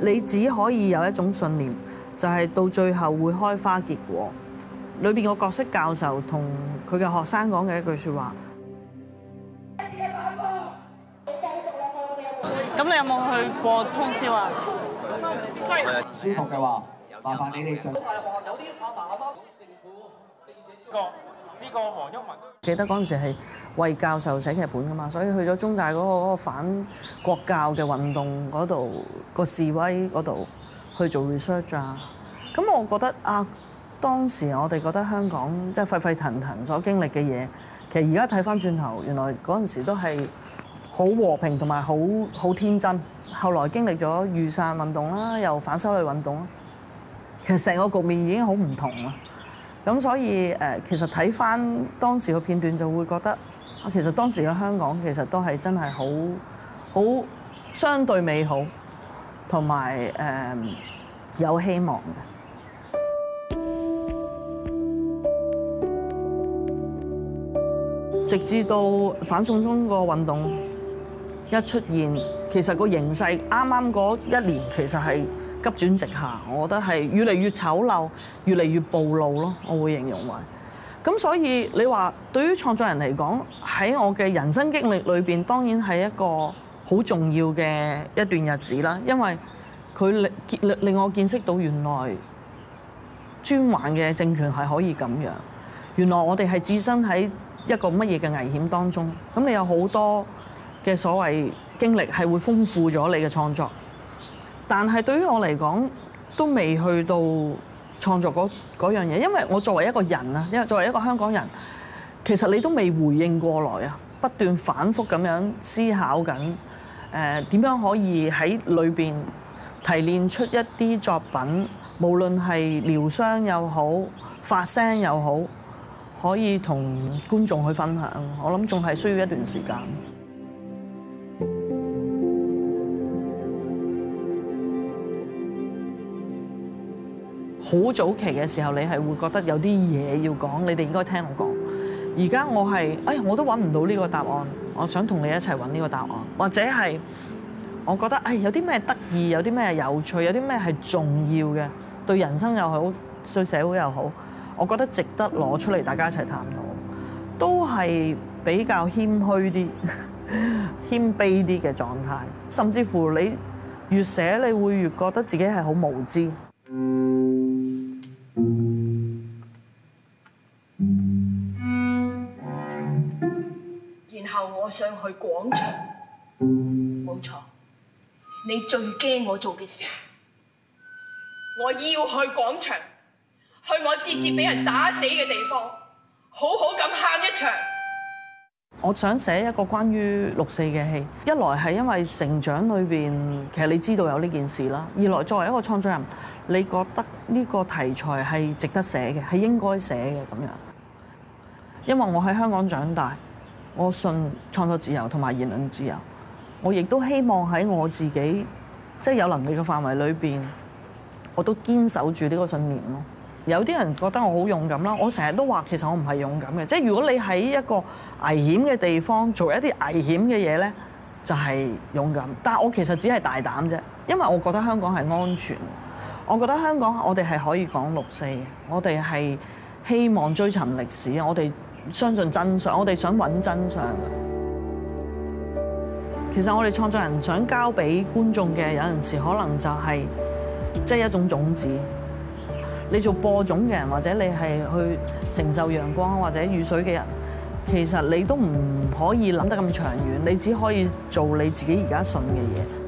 你只可以有一種信念，就係、是、到最後會開花結果。裏邊個角色教授同佢嘅學生講嘅一句説話。咁你有冇去過通宵啊？嗯、舒服嘅話，麻煩你哋就。嗯呢個黃毓民都記得嗰陣時係為教授寫劇本㗎嘛，所以去咗中大嗰個嗰個反國教嘅運動嗰度個示威嗰度去做 research 啊。咁我覺得啊，當時我哋覺得香港即係沸沸騰騰所經歷嘅嘢，其實而家睇返轉頭，原來嗰陣時都係好和平同埋好好天真。後來經歷咗雨傘運動啦，又反修例運動啦，其實成個局面已經好唔同啦。咁所以誒，其實睇翻，當時個片段就會覺得，啊，其實當時嘅香港其實都係真係好好相對美好，同埋誒有希望嘅。直至到反送中個運動一出現，其實個形勢啱啱嗰一年其實係。急轉直下，我覺得係越嚟越醜陋，越嚟越暴露咯，我會形容為。咁所以你話對於創作人嚟講，喺我嘅人生經歷裏邊，當然係一個好重要嘅一段日子啦。因為佢令令我見識到原來專橫嘅政權係可以咁樣，原來我哋係置身喺一個乜嘢嘅危險當中。咁你有好多嘅所謂經歷係會豐富咗你嘅創作。但係對於我嚟講，都未去到創作嗰樣嘢，因為我作為一個人啊，因為作為一個香港人，其實你都未回應過來啊，不斷反覆咁樣思考緊，誒點樣可以喺裏邊提煉出一啲作品，無論係療傷又好，發聲又好，可以同觀眾去分享。我諗仲係需要一段時間。好早期嘅時候，你係會覺得有啲嘢要講，你哋應該聽我講。而家我係，哎呀，我都揾唔到呢個答案，我想同你一齊揾呢個答案，或者係我覺得，哎，有啲咩得意，有啲咩有趣，有啲咩係重要嘅，對人生又好，對社會又好，我覺得值得攞出嚟大家一齊探討，都係比較謙虛啲、謙卑啲嘅狀態，甚至乎你越寫，你會越覺得自己係好無知。我想去廣場，冇錯。你最驚我做嘅事，我要去廣場，去我直接俾人打死嘅地方，好好咁喊一場。我想寫一個關於六四嘅戲，一來係因為成長裏邊，其實你知道有呢件事啦。二來作為一個創作人，你覺得呢個題材係值得寫嘅，係應該寫嘅咁樣。因為我喺香港長大。我信創作自由同埋言論自由，我亦都希望喺我自己即係有能力嘅範圍裏邊，我都堅守住呢個信念咯。有啲人覺得我好勇敢啦，我成日都話其實我唔係勇敢嘅，即係如果你喺一個危險嘅地方做一啲危險嘅嘢呢，就係勇敢。但我其實只係大膽啫，因為我覺得香港係安全，我覺得香港我哋係可以講六四，我哋係希望追尋歷史，我哋。相信真相，我哋想揾真相。其實我哋創作人想交俾觀眾嘅，有陣時可能就係即係一種種子。你做播種嘅人，或者你係去承受陽光或者雨水嘅人，其實你都唔可以諗得咁長遠，你只可以做你自己而家信嘅嘢。